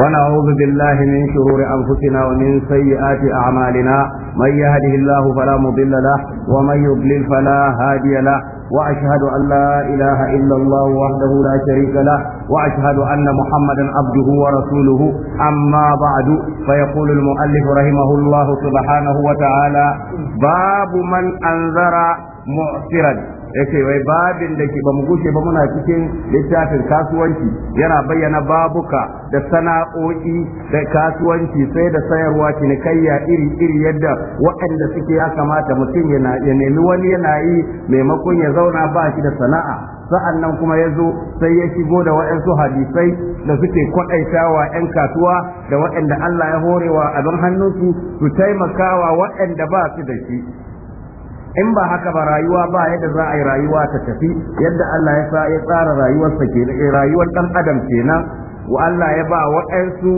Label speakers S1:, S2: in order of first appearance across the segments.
S1: ونعوذ بالله من شرور أنفسنا ومن سيئات أعمالنا من يهده الله فلا مضل له ومن يضلل فلا هادي له وأشهد أن لا إله إلا الله وحده لا شريك له وأشهد أن محمدا عبده ورسوله أما بعد فيقول المؤلف رحمه الله سبحانه وتعالى باب من أنذر معسرا yace wai babin da ke bamu gushe ba muna cikin littafin kasuwanci yana bayyana babuka da sana'o'i da kasuwanci sai da sayarwa cinikayya iri iri yadda waɗanda suke ya kamata mutum ya nemi wani yana yi maimakon ya zauna ba shi da sana'a sa'an nan kuma ya zo sai ya shigo da waɗansu hadisai da suke kwaɗaitawa 'yan kasuwa da waɗanda Allah ya horewa a don hannunsu su taimakawa waɗanda ba su da shi in ba haka ba rayuwa ba yadda za a yi rayuwa ta tafi yadda Allah ya sa ya tsara rayuwarsa kenan eh, rayuwar dan adam kenan wa Allah ya ba su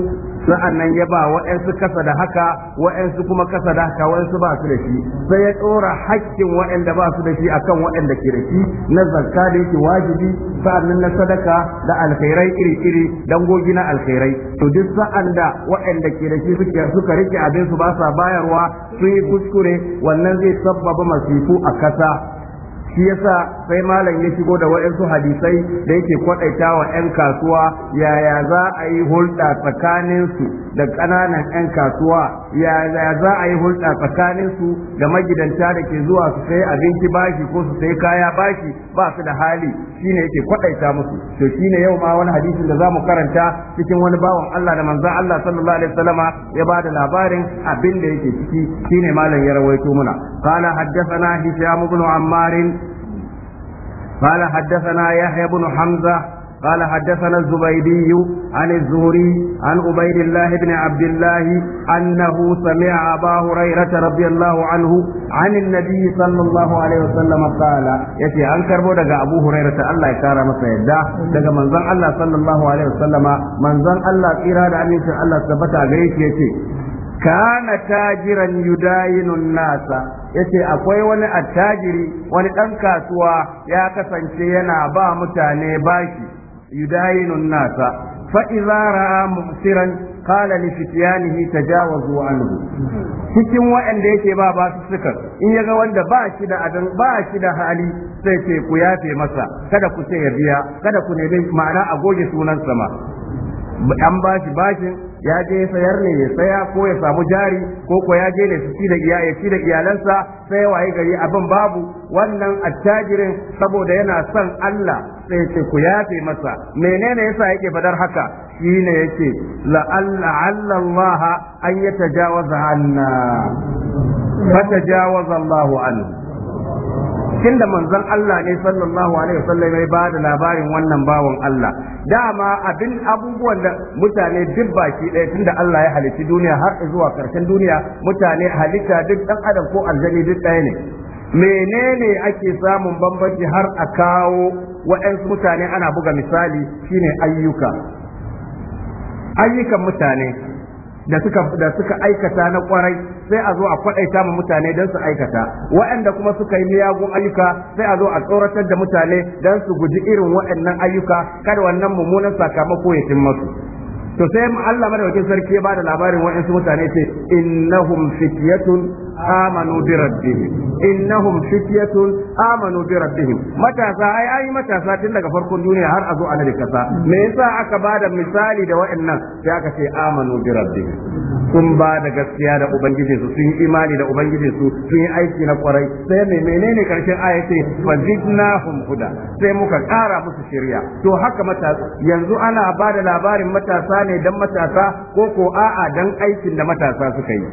S1: sa'annan ya ba wa'ansu kasa da haka wa'ansu kuma kasa da haka wa'ansu ba su da shi sai ya tsora hakkin wa'anda ba su da shi akan wa'anda ke da shi na zakka da yake wajibi sa'annan na sadaka da alkhairai iri-iri gogi na alkhairai to duk sa'an da wa'anda ke da shi suka rike abin su ba sa bayarwa sun yi kuskure wannan zai sabbaba masifu a kasa shi yasa sai malam ya shigo da waɗansu hadisai da yake kwadaita wa 'yan kasuwa yaya za a yi hulɗa tsakaninsu da ƙananan 'yan kasuwa yaya za a yi hulɗa tsakaninsu da magidanta da ke zuwa su sai abinci bashi ko su sai kaya bashi ba su da hali shine yake kwadaita musu to shine yau ma wani hadisin da za mu karanta cikin wani bawan Allah da manzon Allah sallallahu alaihi wasallama ya ba da labarin abin da yake ciki shine malam ya rawaito muna qala haddathana hisham ibn ammarin قال حدثنا يحيى بن حمزة قال حدثنا الزبيدي عن الزهري عن عبيد الله بن عبد الله أنه سمع أبا هريرة رضي الله عنه عن النبي صلى الله عليه وسلم قال يتي أنكر بودك أبو هريرة الله يكار مسيدا دك من الله صلى الله عليه وسلم من ظن الله إرادة أن الله ثبت عليك يتي kana tajiran yudayinun nasa yace akwai wani attajiri wani dan kasuwa ya kasance yana ba mutane bashi yudayinun nasa fa idza ra'a mubsiran qala li fityanihi tajawazu anhu cikin waɗanda yake ba ba su suka in yaga wanda ba shi da adan ba shi da hali sai ce ku yafe masa kada ku ce ya kada ku nemi ma'ana a goge sunan sama an ba shi bashin ya je sayar ne ya saya ko ya samu jari ko ko ya je ne su ci da ya ci da iyalansa sai waye gari abin babu wannan attajirin saboda yana son Allah sai ce ku fi masa menene yasa yake fadar haka shine yake alla Allah an yatajawaza anna fatajawaza Allahu anhu tunda manzon Allah ne sallallahu alaihi wasallam ya ba da labarin wannan bawan Allah dama abin abubuwan da mutane duk baki ɗaya tunda Allah ya halitti duniya har zuwa karshen duniya mutane halitta duk ɗan adam ko aljani duk ɗaya ne menene ake samun bambanci har a kawo waɗansu mutane ana buga misali shine ayyuka ayyukan mutane da suka da suka aikata na kwarai sai a zo a kwadaita ma mutane dan su aikata waɗanda kuma suka yi miyagun ayyuka sai a zo a tsoratar da mutane dan su guji irin waɗannan ayyuka kada wannan mummunan sakamako ya cin masu to sai Allah madaukakin sarki ya bada labarin waɗansu mutane ce innahum fityatun amanu bi rabbihim innahum fityatun amanu bi rabbihim matasa ai ai matasa tun daga farkon duniya har a zo ana kasa me yasa aka bada misali da wa'annan sai aka amanu bi rabbihim sun ba da gaskiya da ubangiji su sun imani da ubangiji su sun yi aiki na kwarai sai me menene karshen aya ce huda sai muka kara musu shirya to haka matasa yanzu ana ba da labarin matasa ne dan matasa ko ko a'a dan aikin da matasa suka yi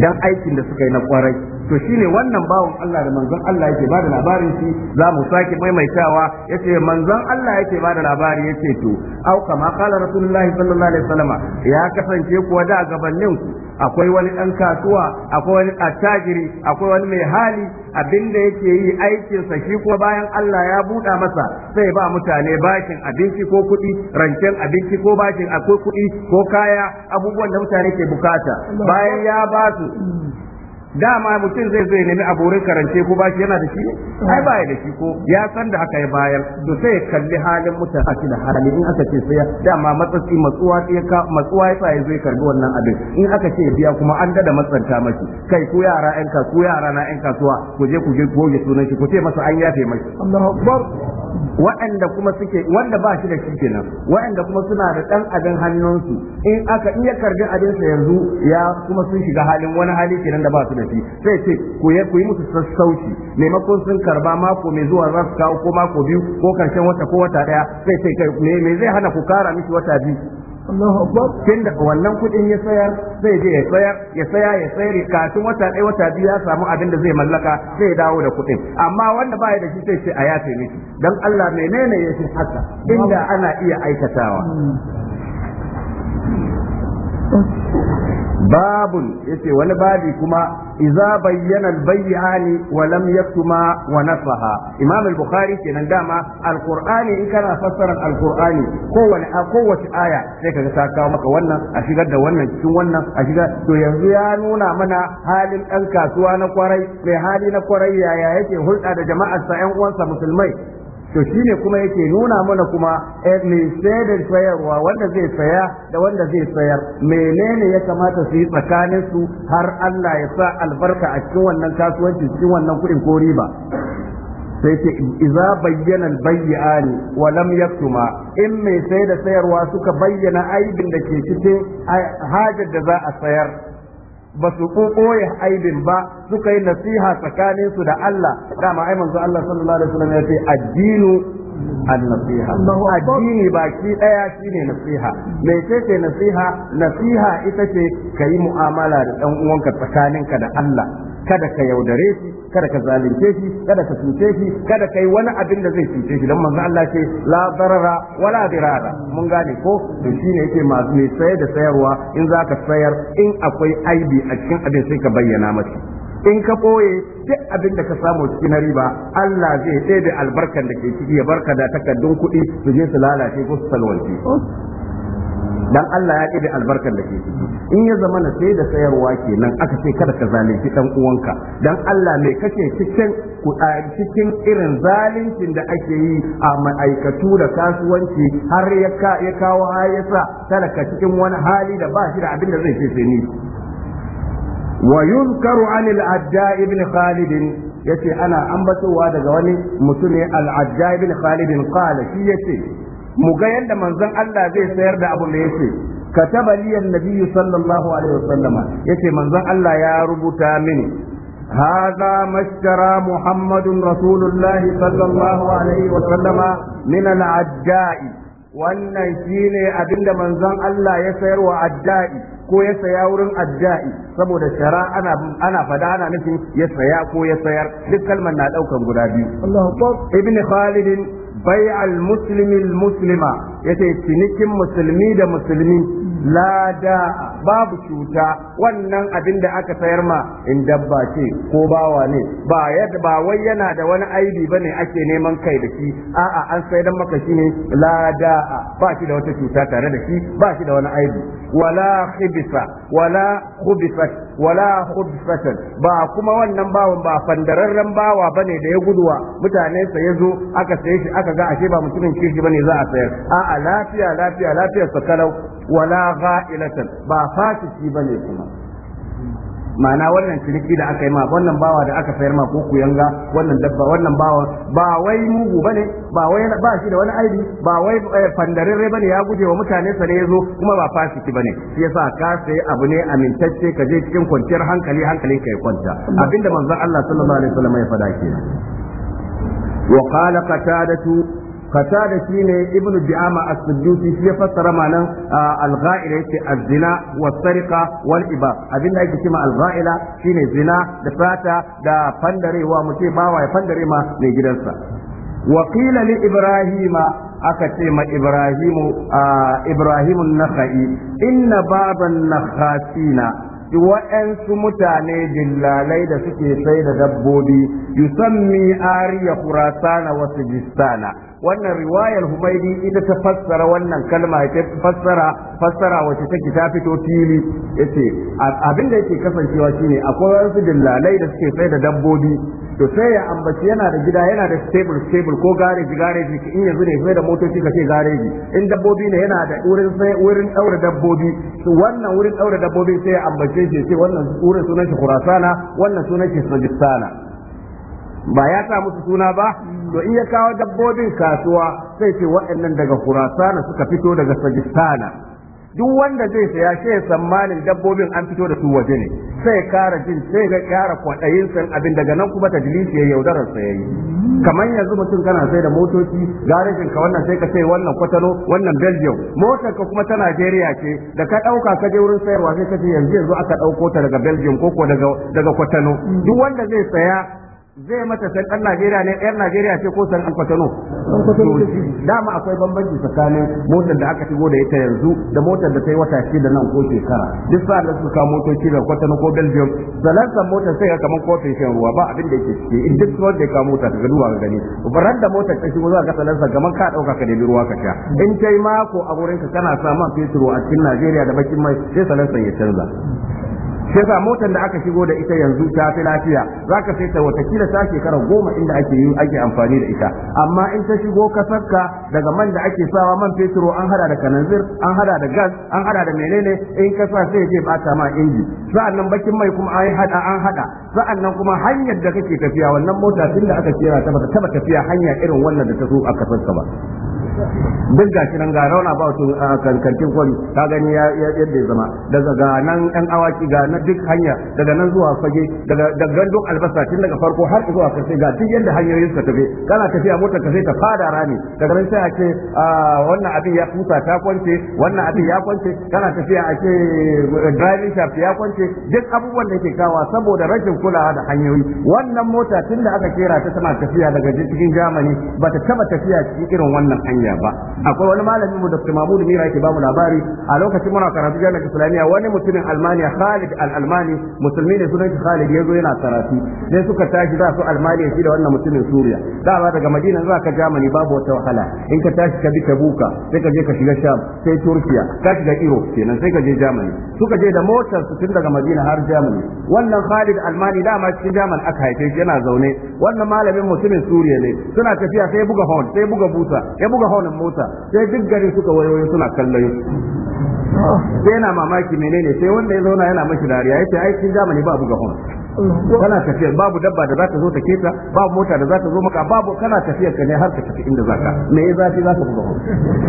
S1: dan aikin da suka yi na kwarai to shine wannan bawon Allah da manzon Allah yake bada labarin shi za mu sake maimaitawa yace manzon Allah yake bada labari yace to au kama qala rasulullahi sallallahu alaihi wasallama ya kasance kuwa da gabanin ku akwai wani dan kasuwa akwai wani attajiri akwai wani mai hali abinda yake yi aikin sa shi kuma bayan Allah ya buɗa masa sai ba mutane bashin abinci ko kuɗi rancen abinci ko bashin akwai kuɗi ko kaya abubuwan da mutane ke bukata bayan ya ba su dama mutum zai zai nemi aburin karance ko bashi yana da shi ai baya da shi ko ya san da haka ya bayar to sai ya kalli halin mutan a da halin in aka ce sai dama matsatsi matsuwa ya ka matsuwa ya ya zai karbi wannan abin in aka ce biya kuma an dada matsanta maki. kai ku yara yan kasuwa yara na yan kasuwa ku je ku je goge sunan shi ku ce masa an yafe mai. Allahu Akbar waɗanda kuma suke wanda ba shi da shi kenan waɗanda kuma suna da ɗan abin hannunsu in aka iya karbi abin sa yanzu ya kuma sun shiga halin wani hali kenan da ba su da shi sai ce ku yi musu sassauci maimakon sun karba mako mai zuwa za su kawo ko mako biyu ko karshen wata ko wata ɗaya sai ce me zai hana ku kara miki wata biyu da wannan kuɗin ya sayar zai je ya sayar ya saya ya sayar kafin wata ɗaya wata biyu ya samu abin da zai mallaka zai dawo da kuɗin amma wanda ba da shi sai ce a yafe miki don Allah menene ya shi haka inda ana iya aikatawa hmm. babun ya ce wani babi kuma idza bayyana al-bayyani wa lam yaktuma wa nasaha imam bukhari kenan dama al-qur'ani in kana fassara al-qur'ani kowane a kowace aya sai ka ga kawo maka wannan a shigar da wannan cikin wannan a shigar to yanzu ya nuna mana halin ɗan kasuwa na kwarai mai hali na kwarai yaya yake hulɗa da jama'arsa ƴan uwansa musulmai to shi ne kuma yake nuna mana kuma eh, mai sayar sayarwa wanda zai saya da wanda zai sayar menene ya kamata su yi tsakanin su har Allah ya sa albarka a cikin wannan kasuwanci cikin wannan kuɗin ko riba sai ce iza bayyana bayyani wa lam yaktuma in mai sai da sayarwa suka bayyana aibin da ke cikin hajar da za a sayar ba su ya aibin ba suka yi nasiha tsakanin su da Allah ma aiman manzo Allah sallallahu alaihi wasallam ya ce addinu an-nasiha addini baki daya shine nasiha me ce nasiha nasiha ita ce ka yi mu'amala da dan uwanka tsakaninka da Allah kada ka yaudare shi kada ka zalunce shi kada ka cuce shi kada ka yi wani abin da zai cuce shi don manzo Allah ce la darara wala dirara mun gane ko to shine yake masu mai sayar da sayarwa in zaka sayar in akwai aibi a cikin abin sai ka bayyana masa in ka ɓoye duk abin da ka samu cikin riba Allah zai ɗebe albarkan da ke ciki ya barka da takardun kuɗi su je su lalace ko su salwanci dan Allah ya ƙi albarkar da ke in ya zama na sai da sayarwa kenan aka ce kada ka zalunci ɗan uwanka dan Allah mai kake cikin cikin irin zaluncin da ake yi a ma'aikatu da kasuwanci har ya kawo har talaka cikin wani hali da ba shi da abin da zai ce sai ni wa yuzkaru anil adda ibn khalid yace ana ambatowa daga wani mutum ne al-adda ibn khalid qala shi yace mu ga yadda manzon Allah zai sayar da abu da yake kataba liyan nabiyyu sallallahu alaihi wasallam yace manzon Allah ya rubuta mini هذا ما اشترى محمد رسول الله صلى الله عليه وسلم wannan shine abinda manzon Allah ya sayar wa ajja'i ko ya saya wurin ajja'i saboda shara ana ana fada ana nufin ya saya ko ya sayar duk kalmar na daukan guda biyu Allahu Ibn Khalid bai'al muslimi muslima yace cinikin musulmi da musulmi la babu cuta wannan abin da aka sayar ma in dabba ce ko bawa ne ba yadda ba wai yana da wani aibi bane ake neman kai da shi a'a an sayar maka shi ne la ba shi da wata cuta tare da shi ba shi da wani aibi wala khibisa wala khubisat wala ba kuma wannan bawan ba fandararren bawa bane da ya guduwa mutane sa zo aka saye shi aka ga ashe ba mutumin kirki ne za a sayar a'a lafiya lafiya lafiyar sakalau wala gha'ilatan ba fasiki bane kuma ma'ana wannan ciniki da aka yi ma wannan bawa da aka sayar ma ko kuyanga wannan dabba wannan bawa ba wai mugu bane ba wai ba shi da wani aibi ba wai eh, fandararre bane ya gujewa wa mutane sa ne yazo kuma ba fasiki bane shi yasa ka sai abu ne amintacce ka je cikin kwanciyar hankali hankalin ka ya kwanta abinda manzon Allah sallallahu alaihi wasallam ya faɗa kenan وقال قتادة kata da shi ne ibn bi'ama as-sujusi shi ya fassara malan al-gha'ila yace az-zina wa sariqa wal iba abin da yake cewa al-gha'ila shine zina da fata da fandarewa mutum bawa ya fandare ma mai gidansa wa qila li ibrahima aka ce ma ibrahimu ibrahimu nakhai inna baban nakhatina wa'ansu mutane dillalai da suke sai da dabbobi yusammi ariya kurasana wasu jistana wannan riwayar humaidi ita ta fassara wannan kalma ta fassara fassara wacce take ta fito fili yace abin da yake kasancewa shine akwai wasu dillalai da suke sai da dabbobi to sai ya ambaci yana da gida yana da stable stable ko gareji gareji in yanzu ne sai da motoci kace gareji in dabbobi ne yana da wurin sai wurin daura dabbobi to wannan wurin daura dabbobi sai ya ambace shi sai wannan wurin sunan shi Khurasana wannan sunan shi Sajistana ba ya sa musu suna ba to in ya kawo dabbobin kasuwa sai ce waɗannan daga Khurasana suka fito daga Sajistana duk wanda zai saya shi ya tsammanin dabbobin an fito da su waje ne sai kara jin sai ga kara kwadayin san abin daga nan kuma ta dilisi ya yaudarar sa kamar yanzu mutum kana sai da motoci garejin ka wannan sai ka sai wannan kwatano wannan belgium motar ka kuma ta najeriya ce da ka ɗauka ka je wurin sayarwa sai ka ce yanzu yanzu aka ɗauko ta daga belgium ko ko daga daga kwatano duk wanda zai saya zai mata san ɗan Najeriya ne ɗan Najeriya ce ko san an kwatano dama akwai bambanci tsakanin motar da aka shigo da ita yanzu da motar da ta yi wata shi da nan ko shekara duk sa da suka motoci da kwatano ko Belgium zalansan motar sai ya kamar kofin shan ruwa ba abin da yake ciki in duk wanda ya kawo mota ka duba ga gani barar da motar ta shigo za ka zalansa kamar ka ɗauka ka nemi ruwa ka sha in kai mako a wurinka kana sa man fetur a cikin Najeriya da bakin mai sai zalansan ya canza sai sa motar da aka shigo da ita yanzu ta fi lafiya zaka sai ta kila ta shekara goma inda ake yi ake amfani da ita amma in ta shigo kasarka daga man da ake sawa man fetur an hada da kananzir an hada da gas an hada da menene in ka sa sai je bata ma inji sa'annan bakin mai kuma an hada an hada sa'annan kuma hanyar da kake tafiya wannan mota tunda aka kera ta bata taba tafiya hanya irin wannan da ta zo a kasarka ba duk ga nan ga rauna ba su a kankantin kwari ta gani yadda ya zama daga ga nan yan awaki ga na duk hanya daga nan zuwa fage daga gandun albasa tun daga farko har zuwa karshe ga duk yadda hanyoyin ka tafi kana tafiya motar ka sai ta fada rami daga nan sai a ce wannan abin ya kusa ta kwance wannan abin ya kwance kana tafiya a ce driving shaft ya kwance duk abubuwan da ke kawa saboda rashin kulawa da hanyoyi wannan mota tun da aka kera ta tana tafiya daga cikin jamani ba ta taba tafiya cikin irin wannan hanya islamiyya ba akwai wani malamin mu da Dr. Mahmud Mira yake bamu labari a lokacin muna karatu jami'ar islamiyya wani mutumin Almaniya Khalid al-Almani musulmi ne sunan shi Khalid yazo yana karatu sai suka tashi za su Almaniya shi da wannan mutumin Suriya da ba daga Madina zuwa ka Germany babu wata wahala in ka tashi ka bi ka buka sai ka je ka shiga Sham sai Turkiya ka shiga Europe kenan sai ka je Germany suka je da motar su tun daga Madina har Germany wannan Khalid Almani dama cikin German aka haife shi yana zaune wannan malamin mutumin Suriya ne suna tafiya sai buga horn sai buga busa buga haunin mota sai duk gari suka wayoyi suna kallon sai yana mamaki menene sai wanda ya zauna yana mashi dariya yace ai kin zamani ba buga hon kana tafiya babu dabba da za ta zo ta keta babu mota da za ta zo maka babu kana tafiya ka ne har ka tafi inda zaka me ya zafi za ka buga hon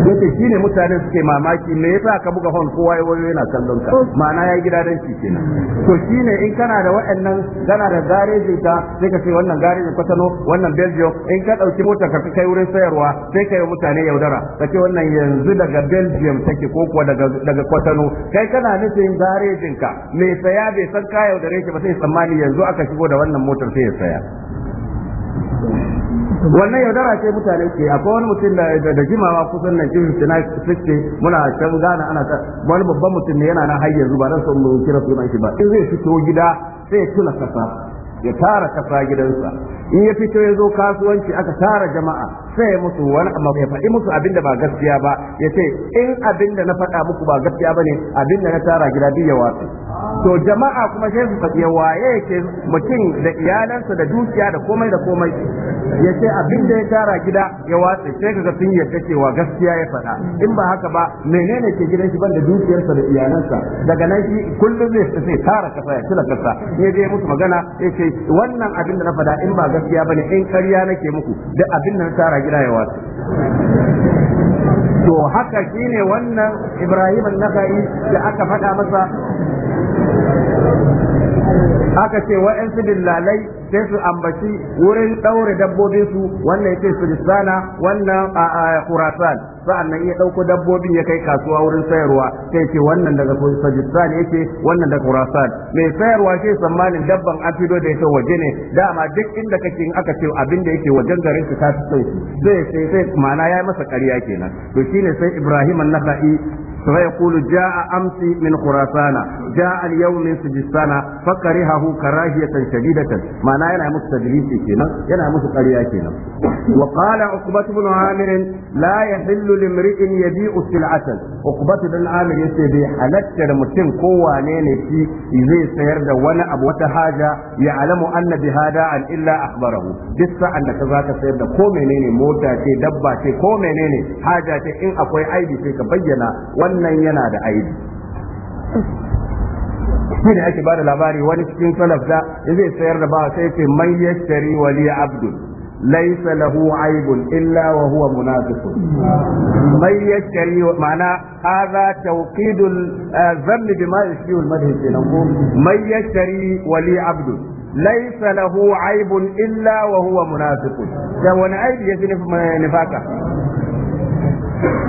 S1: yace shine mutane suke mamaki me yasa ka buga hon kowa ya wayo yana kallon ka ma'ana ya gida dan shi kenan to ne in kana da waɗannan kana da garejin ka sai ka ce wannan garejin kwatano wannan belgium in ka dauki mota ka kai wurin sayarwa sai ka yi mutane yaudara ka ce wannan yanzu daga belgium take ko kuwa daga kwatano kai kana nufin garejin ka me saya bai san ka yaudare shi ba sai tsammani yanzu aka shigo da wannan motar sai ya saya wannan yaudara ce mutane ke akwai wani mutum da jimawa kusan na jirgin suna suke muna can gana ana ta wani babban mutum ne yana na har yanzu ba ran mu kira sunan shi ba in zai fito gida sai ya tuna kasa ya tara kasa gidansa in ya fito ya zo kasuwanci aka tara jama'a sai musu wani amma ya faɗi musu abin da ba gaskiya ba ya ce in abin da na faɗa muku ba gaskiya ba ne abin da na tara gida biyu ya watsa to jama'a kuma sai su faɗi waye yake mutum da iyalansa da dukiya da komai da komai ya ce abin da ya tara gida ya watsa sai kaga sun yarda cewa gaskiya ya fada. in ba haka ba menene ke gidan shi ban da dukiyarsa da iyalansa daga nan shi kullum zai sai tara kasa ya kila kasa ya je musu magana ya ce wannan abin da na fada in ba gaskiya bane in ƙarya nake muku da abin da na tara gida ya watsa to haka shine wannan Ibrahim an da aka faɗa masa aka ce wa'yansu dillalai sai su ambaci wurin dabbobin su. wannan yace sulisana wannan a kurasan sa'annan iya ɗauko dabbobin ya kai kasuwa wurin sayarwa sai ce wannan daga sajistan yake wannan daga kurasan mai sayarwa sai tsammanin dabban an fido da yake waje ne dama duk inda kake in aka ce abin da yake wajen garin su ta fi sai sai sai ma'ana ya masa ƙarya kenan to shine sai Ibrahim an-Nakhai فيقول جاء أمسي من خراسان جاء اليوم من سجستانا فكرهه كراهية شديدة معناه أنا مستدليس كنا أنا مستقريا كنا وقال عقبة بن عامر لا يحل لامرئ يبيع سلعة عقبة بن عامر يسبي حلت لمتن قوة في زي سير وانا أبو حاجة يعلم أن بهذا عن إلا أخبره جسا أن كذاك سير دا كو منيني موتا تي دبا تي كو منيني حاجة تي إن أقوي عيدي تي كبينا وانا ينا دا عيدي shi ne ake bada labari wani cikin salaf da zai sayar da bawa sai ce man yashtari wali abdul laysa lahu aibun illa wa huwa munafiqun man yashtari ma'ana hadha tawqidul eh, dhanni bima yashfi al madhi kenan ko man yashtari wali abdul laysa lahu aibun illa wa huwa munafiqun da wani aibi yake nifaka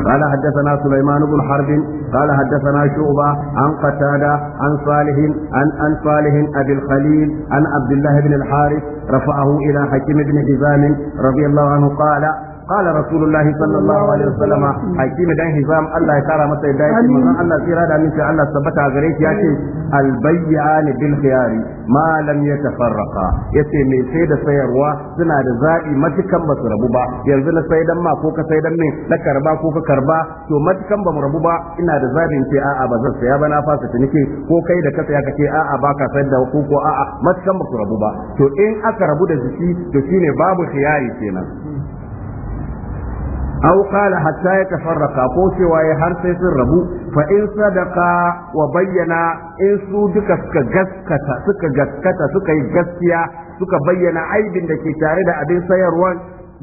S1: قال حدثنا سليمان بن حرب قال حدثنا شعبة عن قتادة عن صالح عن عن صالح أبي الخليل عن عبد الله بن الحارث رفعه إلى حكيم بن حزام رضي الله عنه قال قال رسول الله صلى الله عليه وسلم حكيم دان هزام الله يكرم masa yadda yake manzon Allah tsira da aminci Allah tabbata yace albayyan bil khiyari ma lam yatafarraqa yace me sai sayarwa suna da zabi matukan basu rabu ba yanzu na ko ka sai dan na karba ko ka to matukan ba mu da zabin ce a'a saya ba na ciniki ko kai da ka saya ka a'a rabu ba to in aka rabu da jiki to shine babu kenan aw qala hatta yatafarraqa ko cewa ya har sai sun rabu fa in sadaqa wa bayyana in su duka suka gaskata suka gaskata suka yi gaskiya suka bayyana aibin da ke tare da abin sayarwa.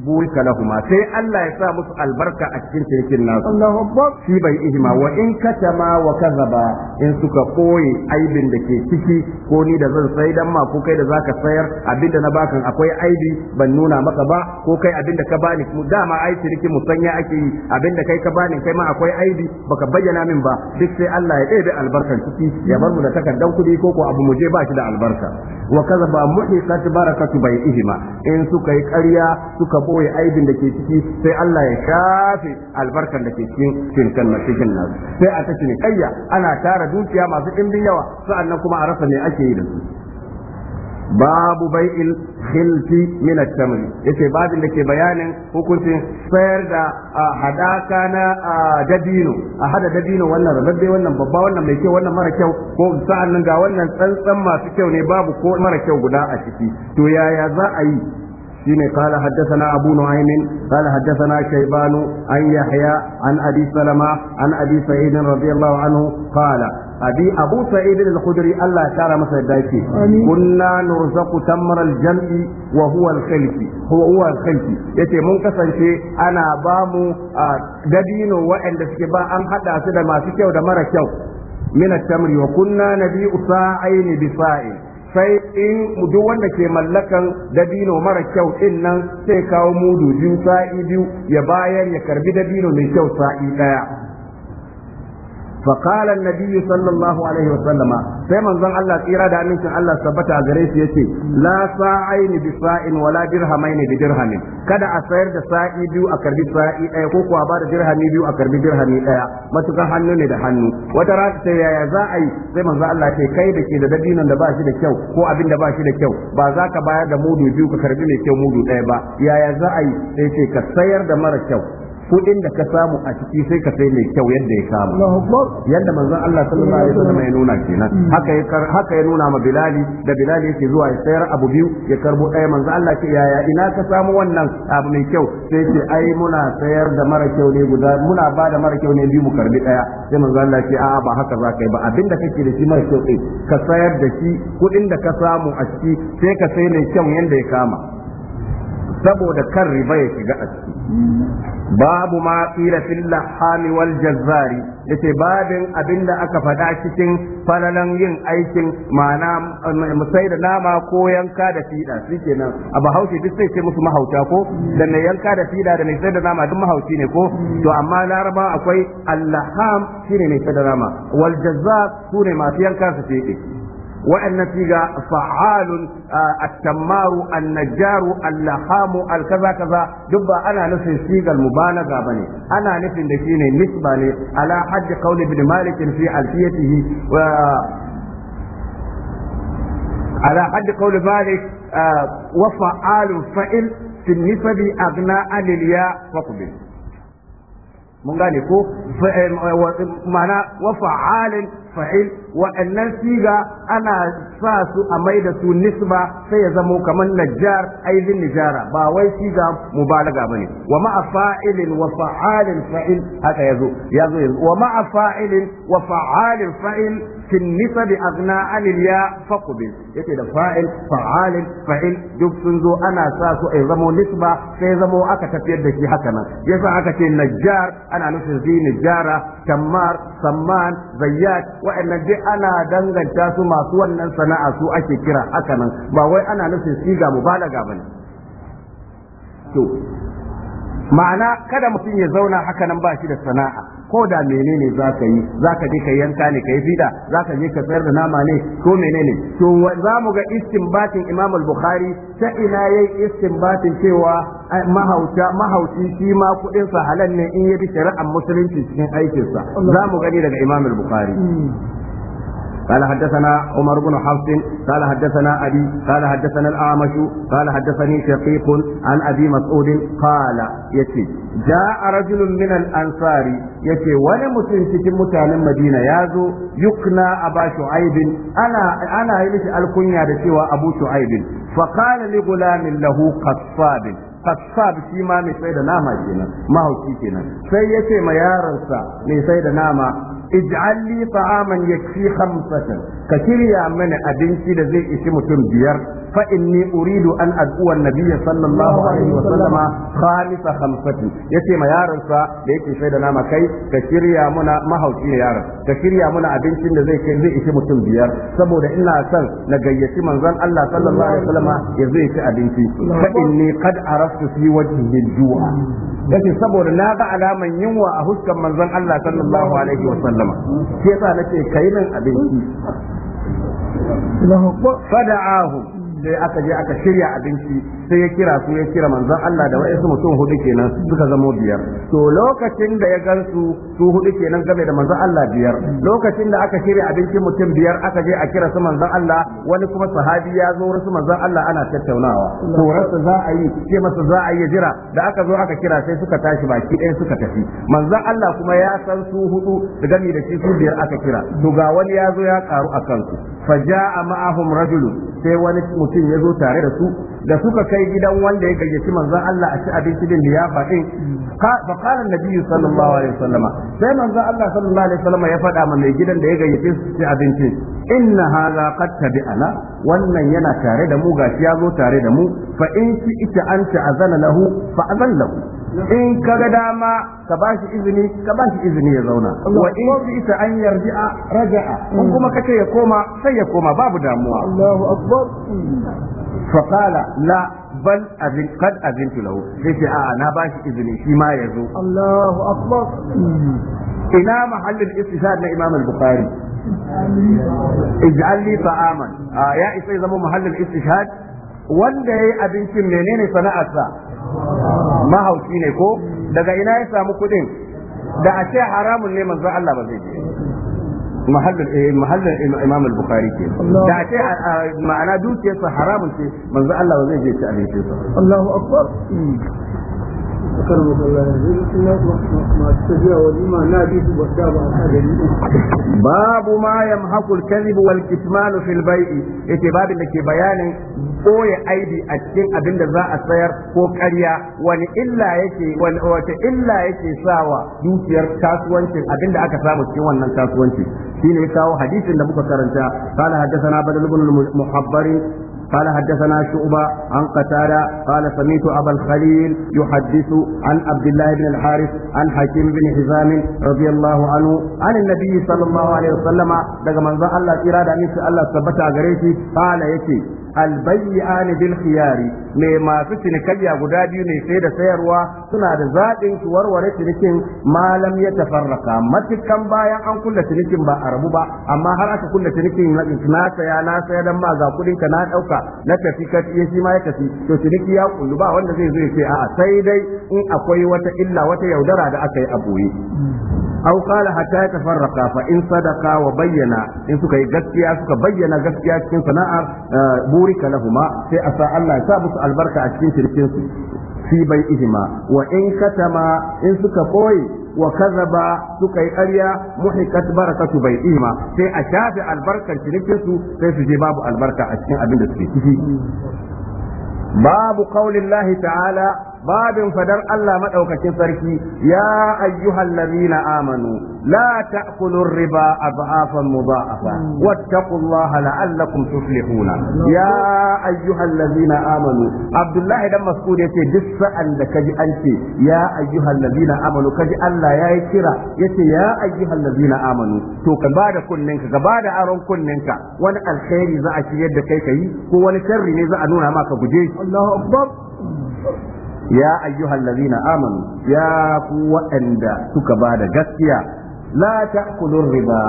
S1: burika lahuma sai Allah ya sa musu albarka a cikin cikin nasu Allahu akbar shi bai ihma wa in katama wa kazaba in suka koyi aibin da ke ciki ko ni da zan sai dan ma ko kai da zaka sayar abinda na bakan akwai aibi ban nuna maka ba ko kai abinda ka bani mu dama ai cinikin musanya ake yi abinda kai ka bani kai ma akwai aibi baka bayyana min ba duk sai Allah ya ɗebe albarkan ciki ya bar mu da takardan kuɗi ko ko abu mu je ba shi da albarka wa kazaba muhiqat barakatu ihima in suka yi ƙarya suka ya aibin da ke ciki sai Allah ya shafe albarkar da ke cikin cinkan cikin nasu sai a ta cinikayya ana tara dukiya masu ɗimbin yawa sa'annan kuma a rasa ne ake yi da su babu bai'il khilfi min at-tamr yace babin da ke bayanin hukuncin sayar da hadaka na dabino a hada dabino wannan rabbe wannan babba wannan mai kyau wannan mara kyau ko sa'an ga wannan tsantsan masu kyau ne babu ko mara kyau guda a ciki to yaya za a yi shine qala haddathana abu nu'aym qala haddathana shayban an yahya an abi salama an abi sa'id radiyallahu anhu qala abi abu sa'id al-khudri Allah ya kara masa yadda yake kunna nurzaqu tamra al-jam'i wa huwa al yace mun kasance ana ba mu dabino wa'anda suke ba an hada su da masu kyau da mara kyau min tamri wa kunna nabi'u sa'aini bi sa'in sai in duk wanda ke mallakan dabino mara kyau din nan sai kawo mudu biyu sa'i biyu ya bayar ya karbi dabino mai kyau sa'i daya فقال النبي صلى الله عليه وسلم سيما زن الله إرادة أمين الله ثبت أغريس يتي لا ساعين بساء ولا درهمين بدرهم kada a sayar da sa'i biyu a karbi sa'i ɗaya ko kuwa ba da dirhami biyu a karbi dirhami ɗaya matukan hannu ne da hannu wata rata ta yaya za a yi sai manzo Allah ce kai da ke da dabinan da ba shi da kyau ko abin da ba shi da kyau ba za ka bayar da mudu biyu ka karbi mai kyau mudu ɗaya ba yaya za a yi sai ce ka sayar da mara kyau kudin da ka samu a ciki sai ka sai mai kyau yadda ya samu yadda manzon Allah sallallahu alaihi wasallam ya nuna kenan mm. haka ya haka ya nuna ma Bilali da Bilali yake zuwa ya sayar abu biyu ya karbo ɗaya manzon Allah ke yaya ina ka samu wannan abu mai kyau sai ce ai muna sayar da mara kyau ne guda muna ba da mara kyau ne biyu mu karbi ɗaya sai manzon Allah ce a'a ba haka za ka yi ba abinda kake da shi mara kyau ɗin ka sayar da shi kudin da ka samu a ciki sai ka sai mai kyau yadda ya kama saboda kan riba ya shiga a ciki babu ma qila fil lahami wal jazzari yace babin abinda aka faɗa cikin falalan yin aikin mana musai da nama ko yanka da fida kenan a bahaushe duk sai ce musu mahauta ko da mai yanka da fida da mai da nama duk mahauci ne ko to amma laraba akwai allaham shine mai sai da nama wal jazzar sune masu yanka su ce. وأن فعال آه، التمار النجار اللخام الكذا كذا دبا أنا نفسي سيغ المبالغة بني أنا نفسي دشيني نسبة لي على حد قول ابن مالك في ألفيته و على حد قول مالك آه، وفعال فإل في النسب أغنى عن الياء فقبل mun gane ko ma'ana wa fa'alin fa'il wa'annan siga ana sa su a mai da su nisba sai ya zamo kamar najjar aizin nijara ba wai siga mubalaga bane wa ma'a fa'ilin wa fa'alin fa'il haka yazo yazo wa ma'a fa'ilin wa fa'alin fa'il في النسب أغنى عن الياء فقبل يتي ده فاعل فعال فعل duk sun zo ana sa su a zamo nisba sai zamo aka tafiyar da shi hakanan. nan yasa aka ce najjar ana nufin zi najjara tammar samman zayyat wa'annan duk ana danganta su masu wannan sana'a su ake kira hakanan. ba wai ana nufin siga balaga ba ne. ma'ana kada mutum ya zauna hakanan ba shi da sana'a ko da menene za ka yi za ka je ka yanka ne ka yi fida za ka je ka sayar da nama ne ko menene to za mu ga istinbatin imam al-bukhari ta ina yayi istinbatin cewa mahauta mahauci shi ma kudin sa halal ne in yi shari'ar musulunci cikin aikinsa za mu gani daga imam al-bukhari hmm. قال حدثنا عمر بن حفص قال حدثنا أبي قال حدثنا الأعمش قال حدثني شقيق عن أبي مسعود قال يتي جاء رجل من الأنصار يتي ولا مسلم متعن المدينة يازو يقنى أبا شعيب أنا أنا يمشي الكنيا سوى أبو شعيب فقال لغلام له قصاب kassab shi ma mai sai da nama kenan mahauki kenan sai ya ce ma yaronsa mai sai da nama ij'al li yakfi khamsatan ka shirya mana abinci da zai ishi mutum biyar fa inni uridu an ad'uwa nabiyya sallallahu alaihi wa sallama khamisa khamsati yace ma yaron sa da yake sai da nama kai ka shirya muna mahauci ne yaron ka shirya muna abincin da zai kai zai ishi mutum biyar saboda ina son na gayyaci manzon Allah sallallahu alaihi wa sallama ya zai ci abinci fa inni qad araftu fi wajhi ju'a yace saboda na ga alaman yunwa a huskan manzon Allah sallallahu alaihi wa sallama sai sa nace kai min abinci فدعاهم sai aka je aka shirya abinci sai ya kira su ya kira manzon Allah da wa'ansu mutum hudu kenan suka zama biyar to lokacin da ya gansu su hudu kenan game da manzon Allah biyar lokacin da aka shirya abincin mutum biyar aka je a kira su manzon Allah wani kuma sahabi ya zo wurin su manzon Allah ana tattaunawa to rasa za a yi ce masa za a yi jira da aka zo aka kira sai suka tashi baki ɗaya suka tafi manzon Allah kuma ya san su hudu da gami da shi su biyar aka kira to ga wani ya zo ya karu a kansu faja'a ma'ahum rajulun sai wani mutum ya zo tare da su da suka kai gidan wanda ya gayyaci manzon Allah a ci abinci din ya faɗi fa qala an-nabi sallallahu alaihi wasallam sai manzon Allah sallallahu alaihi wasallam ya faɗa ma mai gidan da ya gayyace su ci abinci inna hadha qad tabi'ana wannan yana tare da mu gashi ya zo tare da mu fa in shi ita an ta'azana lahu fa azan lahu in ga dama ka bashi izini ka shi izini ya zauna wa in shi ita an yarji'a raja'a in hmm. kuma kace ya koma sai ya koma babu damuwa Allahu akbar fa qala la bal azin kad azintu lahu sai ce a'a na bashi izini shi ma ya zo Allahu akbar ina mahallin istishhad na Imam al-Bukhari ij'al li ya isa zama mahallin istishhad wanda yayi abincin menene sana'arsa mahauci ne ko daga ina ya samu kuɗin da a ce haramun ne manzo Allah ba zai je محل إيه؟ محل امام البخاري كي دا آه، آه، معناه دوت كي حرام من الله وزي كي
S2: الله اكبر kan musalla yanzu kuma masu tafiya walima na bi su wata ba a gari
S1: babu mayam yamhaqu al-kadhib yace babin da ke bayanin koya aibi a cikin abin da za a sayar ko karya wani illa yake wata illa yake sawa dukiyar kasuwancin abin da aka samu cikin wannan kasuwanci shine ya kawo hadisin da muka karanta قال حدثنا بدل بن المحبر قال حدثنا شعبة عن قتادة قال سميت أبا الخليل يحدث عن عبد الله بن الحارث عن حكيم بن حزام رضي الله عنه عن النبي صلى الله عليه وسلم دقى من الله إرادة أن الله ثبت قال يكي albayyani bil khiyari mai masu cinikayya guda biyu ne sai da sayarwa suna da zaɓin su warware cinikin malam ya tafarraka matukan bayan an kulle cinikin ba a rabu ba amma har aka kulle cinikin na saya na saya dan ma ga kudin ka na dauka na tafi ka shi ma ya tafi to ciniki ya kullu ba wanda zai zo ya ce a'a sai dai in akwai wata illa wata yaudara da aka yi a boye aw qala hatta yatafarraqa fa in sadaqa wa bayyana in suka yi gaskiya suka bayyana gaskiya cikin sana'ar eh, burika lahuma sai a sa Allah ya sa musu albarka a cikin shirkin fi bai ihima wa in katama in suka koyi wa kazaba suka yi ƙarya muhikat barakatu bai ihima sai a shafe albarkar shirkin sai su je babu albarka a cikin abin da suke ciki babu qaulin ta'ala babin fadar Allah madaukakin sarki ya ayyuhal ladina amanu la ta'kulu riba adhafan mudha'afa wattaqullaha la'allakum tuflihuna ya ayyuhal ladina amanu Abdullahi dan Mas'ud yace duk sa'an da kaji an ce ya ayyuhal ladina amanu kaji Allah yayi kira yace ya ayyuhal ladina amanu to ka bada kunninka ka bada aron kunninka wani alkhairi za a shigar da kai kai ko wani sharri ne za a nuna maka guje Allahu akbar ya ayyuhal ladzina amanu ya ku waɗanda suka ba da gaskiya la ta'kulur riba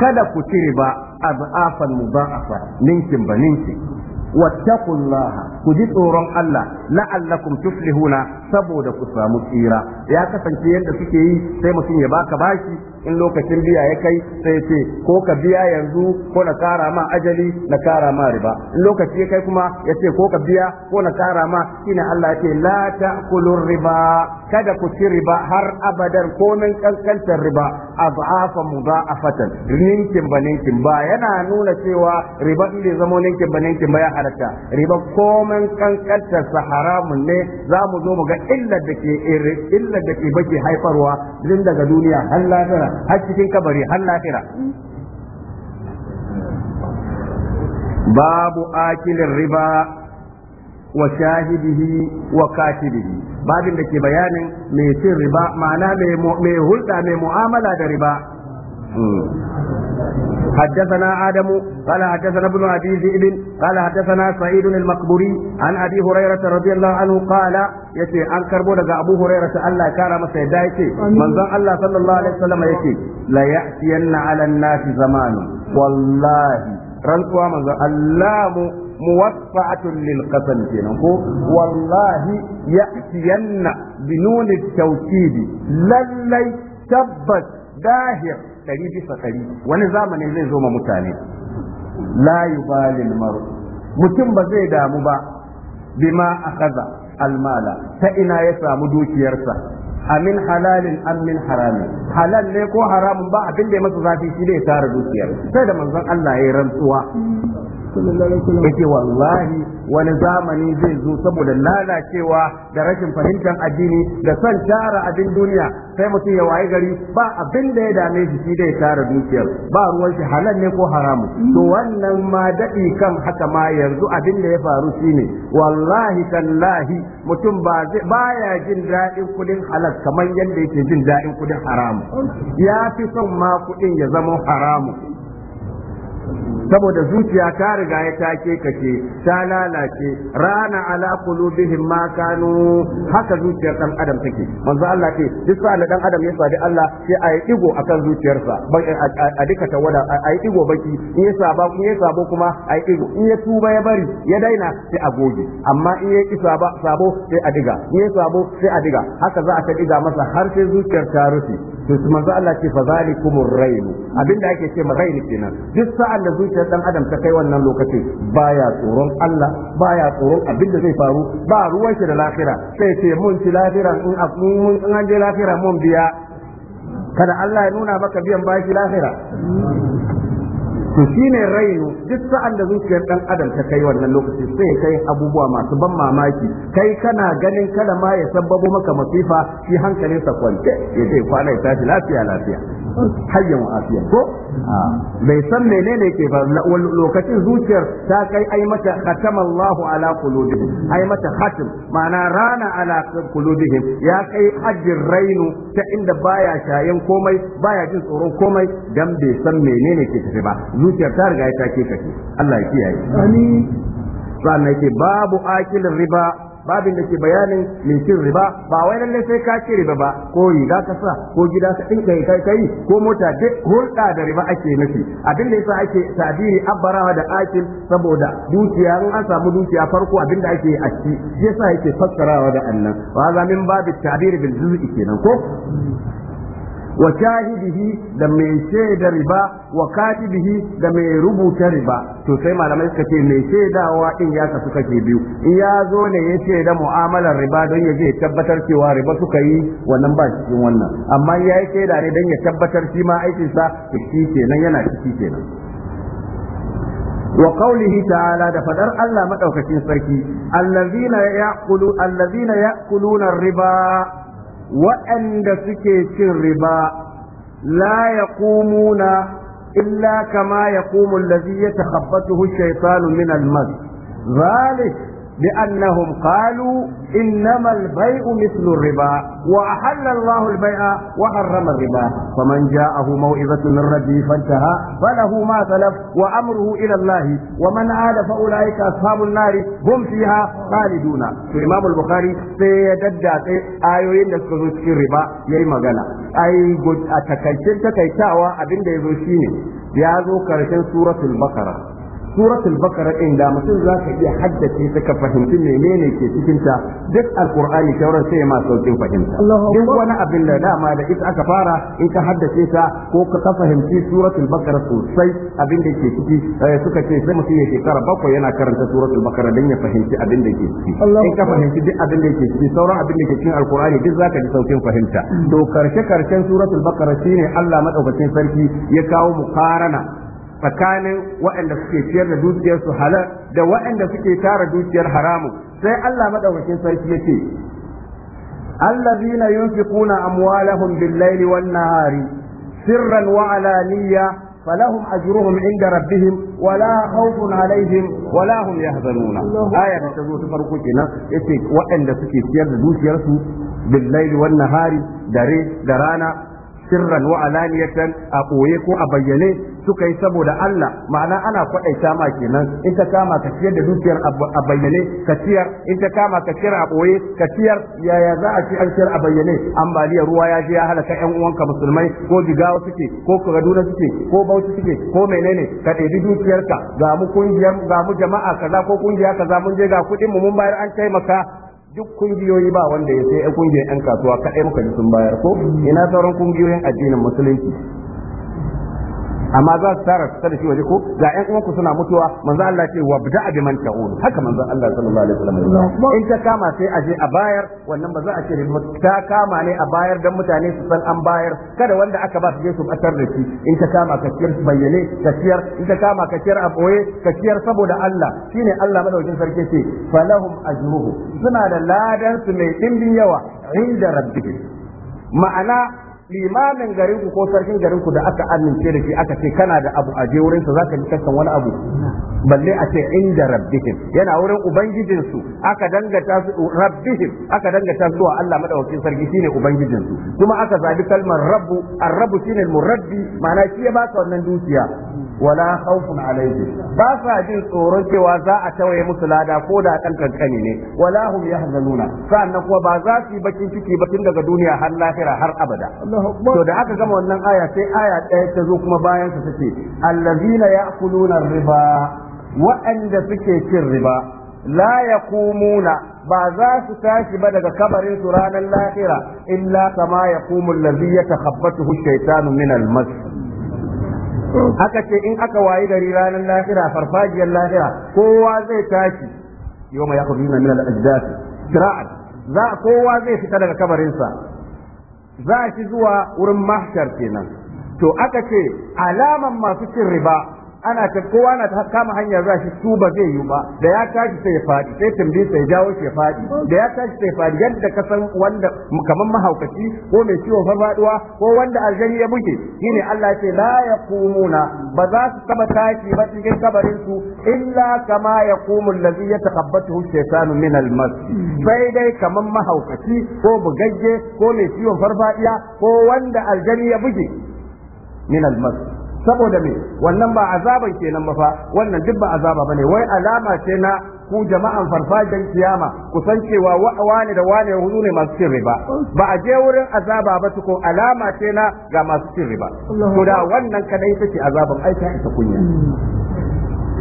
S1: kada ku ci riba a mudha'afa ninkin ba ninkin واتقوا ku ji tsoron Allah la'allakum tuflihuna saboda ku samu tsira ya kasance yadda suke yi sai mutum ya baka bashi in lokacin biya ya kai sai ce ko ka biya yanzu ko na kara ma ajali na kara ma riba in lokaci ya kai kuma ya ce ko ka biya ko na kara ma shine Allah ya ce la ta'kulur riba kada ku ci riba har abadan komai kankantar riba adhafa mudha'afatan ninkin ba ninkin ba yana nuna cewa riba din da ninkin ba ninkin ba ya halatta riba komai kankanta sa haramun ne za mu zo mu ga illar da ke illar ke bake haifarwa din daga duniya har lahira har cikin kabari har lahira babu akilin riba wa shahidihi wa katibihi babin da ke bayanin mai cin riba ma'ana mai hulɗa mai mu'amala da riba حدثنا آدم قال حدثنا ابن أبي ذئب قال حدثنا سعيد المقبوري عن أبي هريرة رضي الله عنه قال يتي أن كربو لغا أبو هريرة الله كان مسيدا يتي من ذا الله صلى الله عليه وسلم يتي لا يأتين على الناس زمان والله رنقوا من ذا الله muwaffa'atun lil qasam kenan ko wallahi ya'tiyanna binun at-tawkid lallai tabbas dahir ɗari bisa ɗari wani zamanin zai zo ma mutane la yubalil maru mutum ba zai damu ba bima kaza. almala ta ina ya samu dukiyarsa amin halalin an min haramin halal ne ko haramun ba abin da ya masa zafi shi ne ya tara dukiyar sai da manzon Allah ya yi rantsuwa yake wallahi wani zamani zai zo saboda lalacewa da rashin fahimtar addini da son tara abin duniya sai mutum ya waye gari ba abin da ya dame shi shi dai tara dukiyar ba ruwan shi halal ne ko haramu to wannan ma daɗi kan haka ma yanzu abin da ya faru shine wallahi tallahi mutum ba baya jin daɗin kudin halal kamar yadda yake jin daɗin kudin haramu ya fi son ma kudin ya zama haramu saboda zuciya ta riga ya take kekace ta lalace rana ala qulubihim ma kanu haka zuciyar dan adam take manzo Allah ce duk sa dan adam ya sadi Allah sai ayi digo akan zuciyarsa a duka a ayi digo baki in ya saba in ya sabo kuma ayi digo in ya tuba ya bari ya daina sai a goge amma in ya isa ba sabo sai a diga in ya sabo sai a diga haka za a ta diga masa har sai zuciyar ta rufe to su manzo Allah ce fa zalikumur rayl abinda ake ce ma rayl kenan duk sa'an da zuciyar dan adam ta kai wannan lokaci baya tsoron Allah baya tsoron abinda zai faru ba ruwan shi da lafira sai ce mun ci lafira in mun an je lafira mun biya kada Allah ya nuna maka biyan bashi lafira to shine rainu duk sa'an da zuciyar dan adam ta kai wannan lokaci sai ya kai abubuwa masu ban mamaki kai kana ganin kada ma ya sababo maka masifa shi hankalin sa kwance ya ce kwana ya tashi lafiya lafiya hayyan afiya ko ah. bai san menene ke ba lokacin zuciyar ta kai ai mata khatamallahu ala qulubihim ai mata khatim ma'ana rana ala qulubihim ya kai ajin rainu ta inda baya shayen komai baya jin tsoron komai dan bai san menene ke tafi ba zuciyar ta riga ya ke kake Allah ya kiyaye amin sannan yake babu akilin riba babin da ke bayanin mai cin riba ba wai lalle sai ka ci riba ba ko riga ka sa ko gida ka din kai kai kai ko mota duk hulɗa da riba ake nufi abin da yasa ake tabiri abbarawa da akil saboda dukiya in an samu dukiya farko abin da ake a ciki yasa yake fassarawa da annan wa zamin babu tabiri bil juz'i kenan ko wa shahidihi da mai shaida riba wa katibihi da mai rubuta riba to sai malamai suka ce mai wa in ya suka ke biyu in ya zo ne ya da mu'amalar riba don ya je tabbatar cewa riba suka yi wannan ba cikin wannan amma ya yi shaida ne don ya tabbatar shi ma aikinsa shi kenan yana ciki kenan وقوله ta'ala da fadar Allah maɗaukacin sarki. الذين يأكلون الذين يأكلون riba. waɗanda suke cin riba la na, illa kama ya allazi yatakhabbathu ta shaytanu min al-mas zalik بأنهم قالوا إنما البيع مثل الربا وأحل الله البيع وحرم الربا فمن جاءه موعظة من ربه فانتهى فله ما سلف وأمره إلى الله ومن عاد فأولئك أصحاب النار هم فيها خالدون الإمام البخاري سيدد آيوين دسكوزوش في الربا يأي مغانا أي قد أتكيشن تكيشاوا أبين ديزوشيني يازو كرشن سورة البقرة suratul bakara din da mutum za ka iya haddace ta ka fahimci menene ke cikin ta duk alqur'ani shauran sai ma saukin fahimta duk wani abin da dama da ita aka fara in ka haddace ta ko ka fahimci suratul bakara sosai abin da ke ciki eh, suka ce sai mutum ya shekara bakwai yana karanta suratul bakara dan ya fahimci abin ke ciki in ka fahimci duk abin ke ciki sauran abinda da ke cikin alqur'ani duk zaka ji saukin fahimta Do karshe karshen suratul bakara shine Allah madaukakin sarki ya kawo mukarana tsakanin waɗanda suke ciyar da dukiyarsu halal da waɗanda suke tara dukiyar haramu sai Allah madaukakin sarki yake allazina yunfiquna amwalahum bil-laili wan-nahari sirran wa alaniya falahum ajruhum inda rabbihim wala khawfun alaihim wala hum yahzanuna aya da ta zo ta farko kenan yace waɗanda suke ciyar da dukiyarsu bil-laili wan-nahari dare da rana sirran wa alaniyatan a ɓoye ko a bayyane suka yi saboda Allah ma'ana ana kwaɗaita ma kenan in ta kama ka ciyar da dukiyar a bayyane ka ciyar in ta kama ka ciyar a ɓoye ka ciyar yaya za a ci an ciyar a bayyane ambaliyar ruwa ya je ya halaka ƴan uwanka musulmai ko jigawa suke ko kaduna suke ko bauchi suke ko menene ka ɗebi dukiyarka ga mu kungiyar ga mu jama'a kaza ko kungiya kaza mun je ga kuɗin mu mun bayar an taimaka duk kungiyoyi ba wanda ya sai kungiyoyin 'yan kasuwa kaɗai muka ji sun bayar ko ina sauran kungiyoyin addinin musulunci amma za su tara su tada shi waje ko ga ƴan uwanku suna mutuwa manzo Allah ce wa bida bi man ta'ulu haka manzo Allah sallallahu alaihi wasallam in ta kama sai a je a bayar wannan ba za a ce ta kama ne a bayar dan mutane su san an bayar kada wanda aka ba su je su batar da shi in ta kama kaciyar bayyane kaciyar in ta kama kaciyar aboye, a boye saboda Allah shine Allah madaukin sarki ce falahum ajruhu suna da ladan su mai dimbin yawa inda rabbihim ma'ana limamin garin ku ko sarkin garin ku da aka amince da shi aka ce kana da abu a je wurin sa zaka ji kakkan wani abu balle a ce inda rabbihim yana wurin ubangijin su aka dangata su rabbihim aka dangata su wa Allah madaukakin sarki shine ubangijin su kuma aka zabi kalmar rabbu ar-rabbu shine al-murabbi ma'ana shi ya baka wannan dukiya wala khawfun alaihim ba sa jin tsoron cewa za a tawaye musu lada ko da dan kankani ne wala nuna? yahzanuna sannan kuma ba za su yi bakin ciki ba tun daga duniya har lahira har abada to da aka gama wannan aya sai aya ɗaya ta zo kuma bayan su take allazina ya'kuluna riba waɗanda suke cin riba la yaqumuna ba za su tashi ba daga kabarinsu ranar lahira illa kama ya ta lazi ya takhabbatuhu shaytanu min al-mas aka ce in aka wayi gari ranar lahira farfajiyar lahira kowa zai tashi yau mai yaku min al-ajdath kira'at za kowa zai fita daga kabarinsa za shi zuwa wurin mahshar kenan to aka ce alaman masu cin riba ana ta kowa na ta kama hanyar zashi shi su ba zai yi ba da ya tashi sai ya sai tambaye sai jawo shi ya da ya tashi sai fadi yadda ka san wanda kamar mahaukaci ko mai ciwon farfaduwa ko wanda aljani ya buge shine Allah ya ce la yaqumuna ba za su taba tashi ba cikin kabarin su illa kama yaqumu allazi yatakabbathu shaytanu min almas sai dai kamar mahaukaci ko bugagge ko mai ciwon farfadiya ko wanda aljani ya buge min almas saboda me wannan ba azaban kenan ba fa wannan duk ba azaba bane wai alama ce na ku jama'an farfajin kiyama ku san cewa wani da wani hudu ne masu cin riba ba a je wurin azaba ba ko alama ce na ga masu cin riba to da wannan kadai take azaban ai ta isa kunya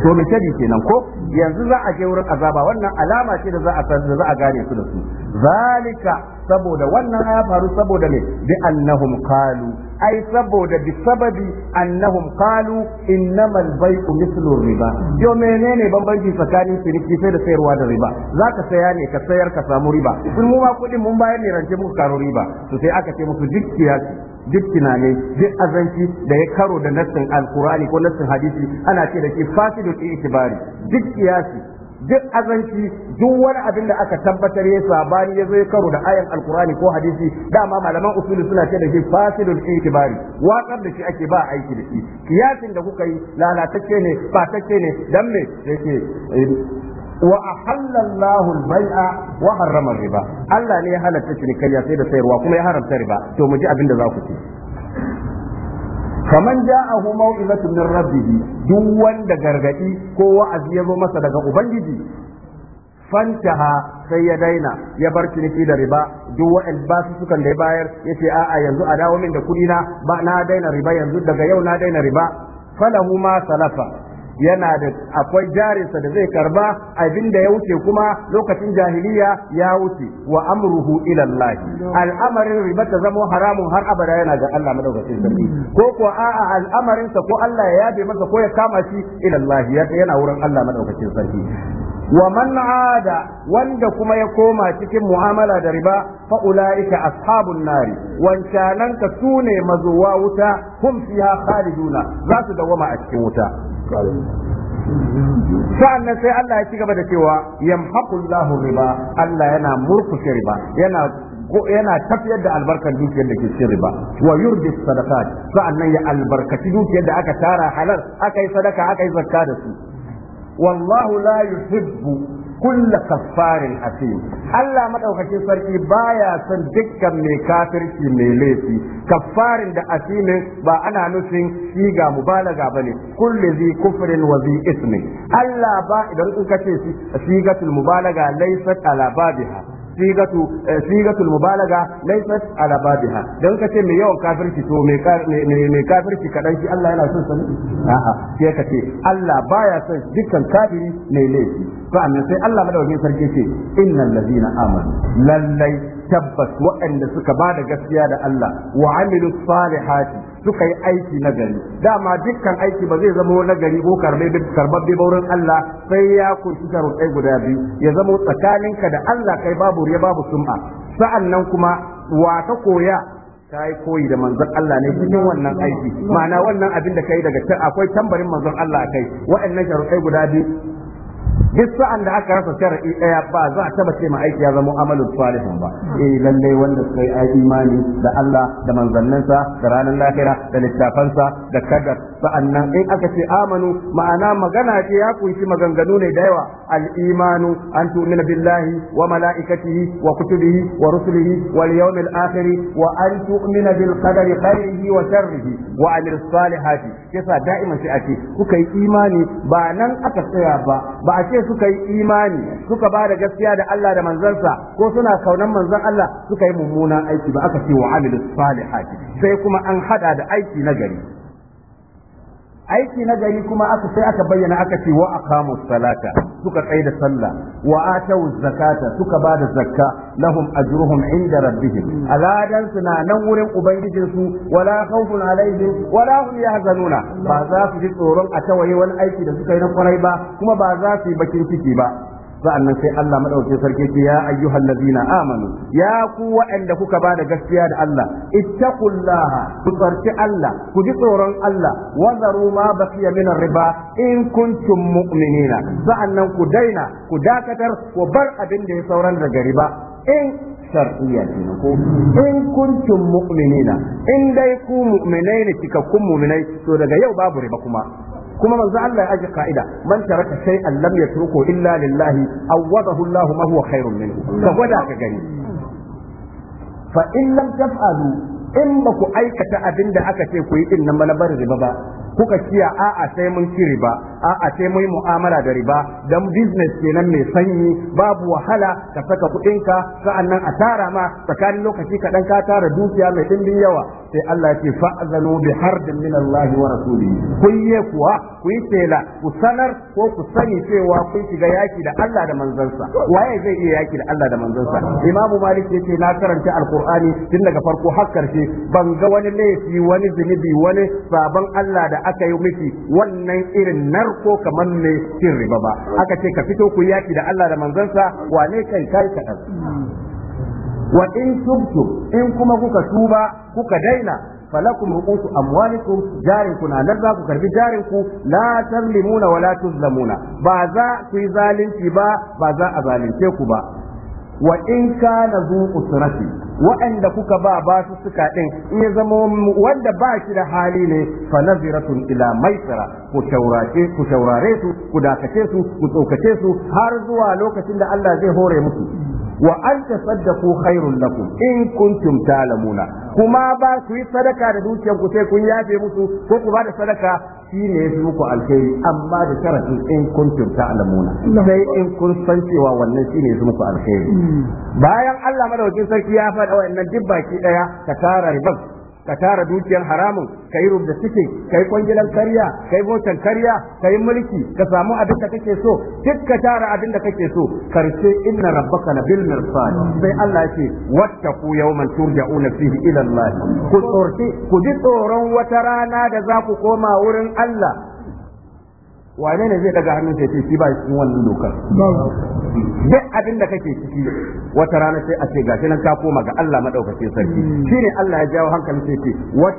S1: to me kadi kenan ko yanzu za a je wurin azaba wannan alama ce da za a san za a gane su da su zalika saboda wannan ya faru saboda ne bi annahum qalu ai saboda bi sababi annahum qalu innamal bayu mithlu riba yo menene bambanci tsakanin ciniki sai da sayarwa da riba zaka saya ne ka sayar ka samu riba kun mu ma kudin mun bayar ne rance muku karo riba to sai aka ce musu dukkiya kiyasi duk tunani duk azanci da ya karo da nassin alkurani ko nassin hadisi ana ce da fasidu fasidul itibari duk duk azanci duk wani abin da aka tabbatar ya sabani ya zo ya karo da ayan alkurani ko hadisi dama malaman usuli suna ce da shi fasidul itibari watsar da shi ake ba aiki da shi kiyasin da kuka yi lalatacce ne fatacce ne dan me yake wa ahalla Allahu al-bai'a wa harrama riba Allah ne ya halatta cinikayya sai da sayarwa kuma ya haramta riba to mu ji abin da za ku ci faman ja'ahu mau'izatu min rabbih duk wanda gargadi ko wa'azi ya masa daga ubangiji fantaha sai ya daina ya bar ciniki da riba duk wa'an basu suka da ya bayar yace a'a yanzu a dawo min da kudi na ba na daina riba yanzu daga yau na daina riba falahu ma salafa yana da akwai jarinsa da zai karba abin da ya wuce kuma lokacin jahiliya ya wuce wa amruhu ila Allah al'amarin riba ta zama haramun har abada yana ga Allah madaukakin sarki ko ko a'a al'amarin sa ko Allah ya yabe masa ko ya kama shi ila Allah yana wurin Allah madaukakin sarki wa man ada wanda kuma ya koma cikin mu'amala da riba fa ita ashabun nari wancanan ka sune mazowa wuta hum fiha khaliduna za su dawama a cikin wuta Sa'annan sai Allah ya ci gaba da cewa yamhaqullahu riba Allah yana murkushe riba yana yana tafiyar da albarkar dukiyar da ke cikin riba wa yurdi sadakat, sa'an ya albarkaci dukiyar da aka tara halar, aka yi sadaka aka yi zakka da su wallahu layu yuhibbu kulla kaffarin asim Allah madaukakin sarki baya son dukkan mai kafirci mai laifi kaffarin da asimin ba ana nufin shi ga mubalaga bane kulli zi kufrin wa zi ismi Allah ba idan kuka ce sigatul mubalaga laysat ala babiha sigatu eh, sigatul mubalaga laysat ala babiha dan kace mai yawan kafirci to mai me kafirci kadan shi Allah yana son sani a'a sai kace Allah baya son dukkan kafiri mai laifi to amma sai Allah madaukakin sarki ce innal ladina amanu lallai tabbas waɗanda suka ba da gaskiya da Allah wa amilu salihati suka yi aiki na gari dama dukkan aiki ba zai zama na gari ko karbabbe baurin Allah sai ya kunshi sharuɗai guda biyu ya zama tsakaninka da Allah kai babu ya babu sum'a sa'annan kuma wa ka koya ta yi koyi da manzon Allah ne cikin wannan aiki ma'ana wannan abin da kai daga akwai tambarin manzon Allah kai waɗannan sharuɗai guda biyu duk sa'an da aka rasa shar'i daya ba za a taba ce ma aiki ya zama amalin salihin ba eh lallai wanda sai ai imani da Allah da manzanninsa da ranar lahira da littafansa da kadar sa'annan in aka ce amanu ma'ana magana ce ya kunshi maganganu ne da yawa al-imanu an tu'mina billahi wa mala'ikatihi wa kutubihi wa rusulihi wal yawmil akhir wa an tu'mina bil qadari khairihi wa sharrihi wa amil salihati yasa da'iman sai a kuka yi imani ba nan aka tsaya ba ba a ce suka yi imani suka ba da gaskiya da Allah da manzansa ko suna kaunan manzon Allah suka yi mummunan aiki ba aka ce wa amilus salihati sai kuma an hada da aiki na gari aiki na gari kuma aka sai aka bayyana aka ce wa aqamu salata suka tsai da sallah wa atau zakata suka ba da zakka lahum ajruhum inda rabbihim aladan suna nan wurin ubangijin su wala khawfun alaihim wala hum yahzanuna ba za su ji tsoron a tawaye wani aiki da suka yi na kwarai ba kuma ba za su yi bakin ciki ba sa'annan sai Allah madaukakin sarki ce ya ayyuhan lazina, amanu ya ku waɗanda kuka ba da gaskiya da Allah ittaqullaha ku tsarki Allah ku ji tsoron Allah wazaru ma baqiya min riba in kuntum mu'minina sa'annan ku daina ku dakatar ku bar abin da ya sauran daga riba in shar'iyya ko in kuntum mu'minina in dai ku mu'minai ne cikakkun mu'minai to daga yau babu riba kuma kuma manzo Allah ya aje ka'ida man taraka shay'an lam yatruku illa lillahi awwadahu Allah ma huwa khairun minhu ka gwada ka gani fa in lam taf'alu in ba ku aikata abin da aka ce ku yi din nan malabar riba ba kuka kiya a'a sai mun ci riba a'a sai mu mu'amala da riba dan business kenan mai sanyi babu wahala ka saka kuɗinka sa'annan a tara ma tsakanin lokaci kaɗan ka tara dukiya mai ɗimbin yawa sai Allah ya ce fa'zanu bi hardin min Allah wa rasulihi kun kuwa ku yi tela ku sanar ko ku sani cewa kun shiga yaki da Allah da manzansa waye zai iya yaki da Allah da manzansa Imam Malik yace na karanta Alqur'ani tun daga farko har karshe ban ga wani laifi wani zunubi wani sabon Allah da aka yi miki wannan irin nar Ko kamar ne cin riba ba aka ce ka fito ku yaki da Allah da manzansa wane kai kai dan wa in tubtu in kuma kuka tuba kuka daina falakum ru'usu amwalikum jarin kuna nan za ku karbi jarin ku la tazlimuna wa la tuzlamuna ba za ku yi zalunci ba ba za a zalunce ku ba wa in kana zu usrati wa'anda kuka ba ba su suka din in ya zama wanda ba shi da hali ne fa naziratun ila maisara ku taurace ku taurare su ku dakace su ku tsokace su har zuwa lokacin da Allah zai hore musu wa an tasaddaqu khairul lakum in kuntum ta'lamuna kuma ba ku yi sadaka da dukiyar sai kun yafe musu ko ku ba da sadaka shi ne yafi muku alkhairi amma da sharadin in kun kuntum ta'lamuna sai in kun san cewa wannan shine ne muku alkhairi hmm. bayan Allah madaukin sarki ya faɗa wa'annan duk baki daya ka tara ribas ka tara dukiyar haramun ka yi rubda cikin, ka yi kwangilan karya ka yi motar karya ka yi mulki ka samu abin da kake so duk ka tara abin da kake so karshe inna rabbaka la bil mirsad sai Allah yake wattaku yawman turja'una fihi ila Allah ku tsorti ku ji tsoron wata rana da za ku koma wurin Allah wane ne zai daga hannun sai shi ba cikin wannan dokar duk abin da kake ciki wata rana sai a ce gashi nan ta koma ga Allah madaukake sarki hmm. shine Allah ya jawo hankalin sai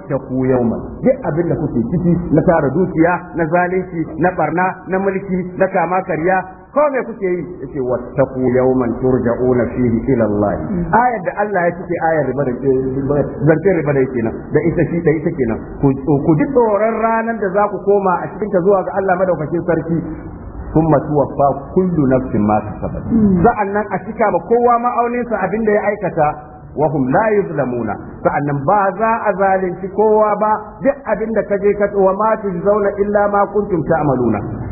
S1: ce ku yauma duk abin da kuke ciki na tara dukiya na zalunci na barna na mulki na kama karya ko me kuke yi yace wattaqu yawman turja'una fihi ila Allah mm. ayar da Allah ya ce ayar riba da zance riba da yake nan da ita shi da ita kenan ku ji tsoron ranar da za ku koma a cikin ta zuwa ga Allah madaukakin sarki ثم توفى كل نفس ما كسبت nan a cika ma kowa ma'aunin sa abin da ya aikata wa hum la yuzlamuna sa'annan ba za a zalunci kowa ba duk abin da kaje ka tsowa ma zauna illa ma kuntum ta'maluna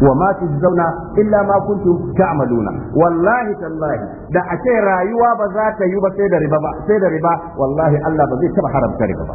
S1: wa ma zauna illa ma kuntum ta'maluna wallahi tallahi da a ce rayuwa ba za ta yi ba sai da riba ba wallahi Allah ba zai taba haramta riba ba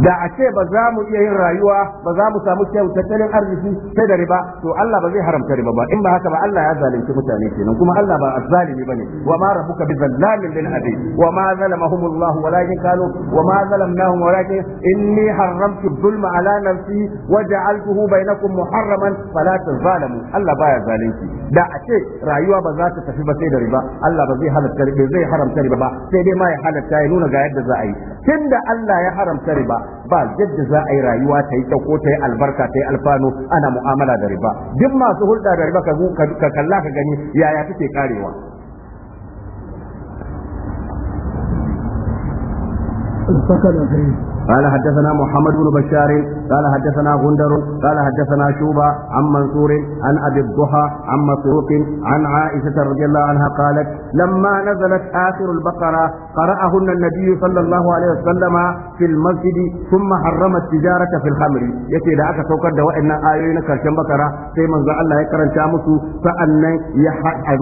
S1: da a ce ba za mu iya yin rayuwa ba za mu samu kyau tattalin arziki sai da riba to Allah ba zai haramta riba ba in ba haka ba Allah ya zalunci mutane kenan kuma Allah ba azzalimi bane wa ma rabbuka bizallamin lil abid wa ma zalamahumullahu walakin qalu wa ma zalamnahum walakin inni haramtu dhulma ala nafsi wa ja'altuhu bainakum muharraman fala tazalamu Allah baya zalunci da a ce rayuwa ba za ta tafi ba sai da riba Allah ba zai halatta riba zai haramta riba ba sai dai ma ya halatta ya nuna ga yadda za a yi tunda Allah ya haramta riba ba yadda za a yi rayuwa ta yi ko ta yi albarka ta yi alfano ana mu'amala da riba duk masu hulɗa da riba ka kalla ka gani yaya take karewa قال حدثنا محمد بن بشار قال حدثنا غندر قال حدثنا شوبة عن منصور عن أبي الضحى عن مسروق عن عائشة رضي الله عنها قالت لما نزلت آخر البقرة قرأهن النبي صلى الله عليه وسلم في المسجد ثم حرم التجارة في الخمر يتي دعك سوكر دواء إن آيوين كرشن بقرة sai manzon Allah ya karanta musu sa'annan ya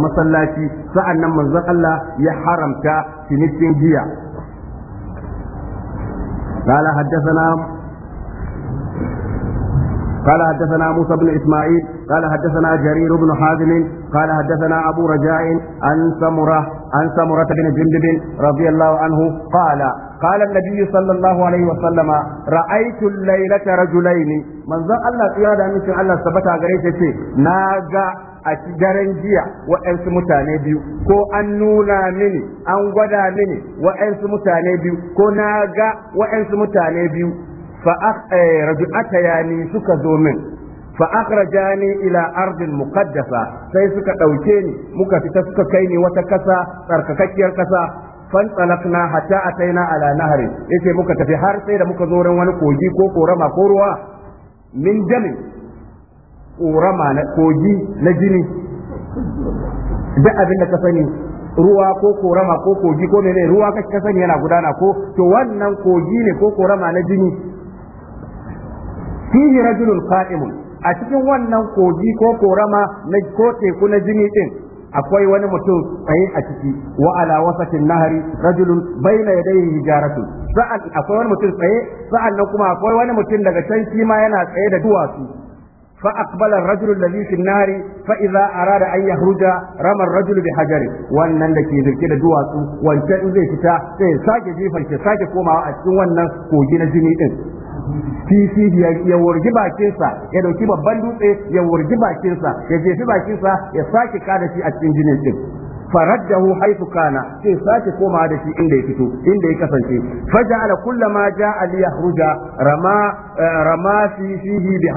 S1: masallaci sa'annan manzon Allah ya haramta cinikin giya قال حدثنا قال حدثنا موسى بن اسماعيل قال حدثنا جرير بن حازم قال حدثنا ابو رجاء عن سمره عن سمره بن جندب رضي الله عنه قال قال النبي صلى الله عليه وسلم رأيت الليلة رجلين من ذا الله قيادة من الله ثبت على ناجا a daren jiya wa'yansu mutane biyu ko an nuna mini an gwada mini wa'yansu mutane biyu ko na ga wa'yansu mutane biyu fa eh, yani suka zo min fa akhrajani ila ardin muqaddasa sai suka dauke ni muka fita suka kai ni wata kasa tsarkakakkiyar kasa fantsalakna hatta ataina ala nahri yace muka tafi har sai da muka zo wani kogi ko korama ko ruwa min jamin ƙorama na kogi na jini duk abin da ka sani ruwa ko korama ko kogi ko mene ruwa ka sani yana gudana ko to wannan kogi ne ko korama na jini fihi rajulun qa'imun a cikin wannan kogi ko korama na ko teku na jini din akwai wani mutum tsaye a ciki wa ala wasatin nahari rajulun bayna yadayhi hijaratu sa'an akwai wani mutum tsaye sa'an kuma akwai wani mutum daga can shi ma yana tsaye da duwatsu فأقبل الرجل الذي في النار فإذا أراد أن يخرج رمى da بحجر wannan da ke zirke da duwatsu wancan zai fita sai sake jifan shi sake komawa a cikin wannan kogi na jini ɗin. kifi ya bakinsa ya dauki babban dutse ya wurgi bakinsa ya jefi bakinsa ya sake kada shi a cikin jini ɗin. faraddahu haythu kana sai sake komawa da shi inda ya fito inda ya kasance Faja kullama ja'a ma ja rama eh, rama fi fihi bi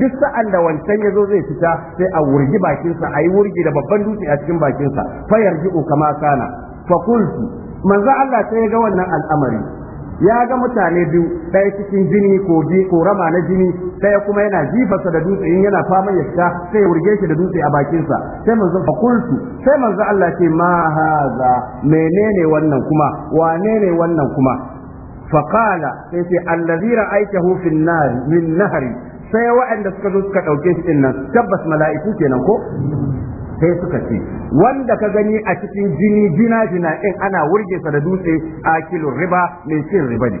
S1: duk sa'an da wancan zo zai fita sai a wurgi bakinsa a yi wurgi da babban dutse a cikin bakinsa. sa fa yarji'u kama kana fa qultu manzo Allah sai ya ga wannan al'amari ya ga mutane biyu ɗaya cikin jini ko ji ko rama na jini ɗaya kuma yana jifarsa da dutse in yana faman ya fita sai wurge shi da dutse a bakinsa sai manzo fakultu sai manzo Allah ce ma haza menene wannan kuma wane wannan kuma qala sai ce allazi ra'aytahu fin nar min nahri sai waɗanda suka zo suka ɗauke shi ɗin tabbas mala'iku kenan ko sai suka ce wanda ka gani a cikin jini jina jina in ana wurge sa da dutse a kilo riba mai cin riba ne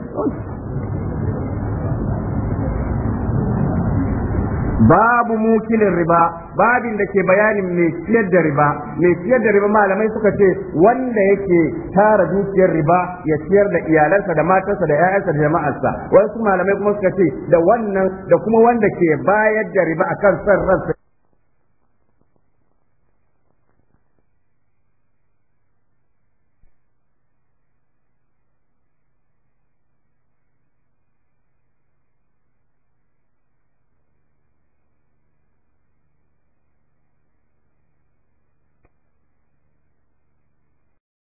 S1: babu mukilin riba babin da ke bayanin mai ciyar da riba mai ciyar da riba malamai suka ce wanda yake tara dukiyar riba ya ciyar da iyalansa da matarsa da ƴaƴansa da jama'arsa wasu malamai kuma suka ce da wannan da kuma wanda ke bayar da riba akan san ransa